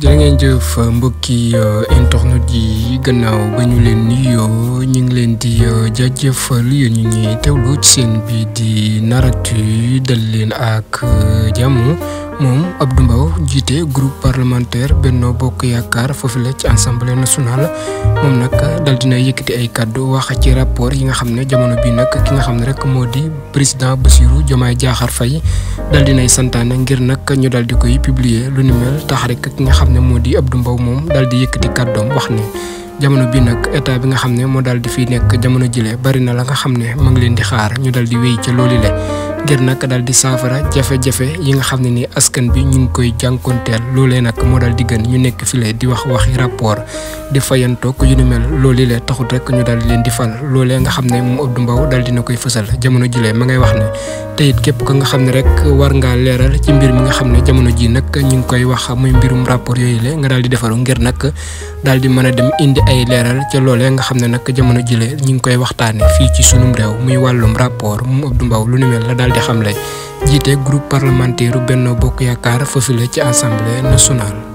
jërë ngeen jëf mbokki euh, internet yi gannaaw ba ñu leen nuyoo ñu ngi leen di euh, jaajëfal yéen ñu ñuy teewlu ci seen bi di naratu dal leen ak euh, jàmm. Mum Abdou mbaw jité groupe parlementaire Benno Bokk Yaakaar fofu la ci assemblée nationale mom nak dal dina yëkkati ay cadeau wax ci rapport yi nga xamné jamono bi nak ki nga xamné rek modi di président Bassirou jomay jaxar fay dal dina santane ngir nak ñu dal di koy publier lu ni mel tax rek ki nga xamné modi di Abdou mbaw mom dal di yëkkati cadeau wax ni jamono bi nak état bi nga xamné mo dal di fi nek jamono jilé bari na la nga xamné ma ngi leen di xaar ñu dal di wéy ci loolu ngir nak dal di safara jafe-jafe yi nga xamni ni askan bi ñu ngi koy jankontel lolé nak mo dal di gën ñu nekk file di wax waxi rapport di fayanto ko yu ñu mel lolé le taxut rek ñu dal leen di fal lolé nga xam mu moom Abdou dal di nakoy fusal jamono jile ma ngay wax ni tayit kep ko nga rek war nga léral ci mbir mi nga xam jamono ji nak ñu ngi koy wax muy mbirum rapport yoy le nga dal di defaru ngir nak dal di mëna dem indi ay léral ci lolé nga xam nak jamono jile ñu ngi koy waxtaane fi ci sunum réew muy walum rapport moom Abdou mbaw lu ñu mel la daal di xamle jiite groupe parlementaire Benno Bokk Yaakaar foofu la ci assemblée nationale.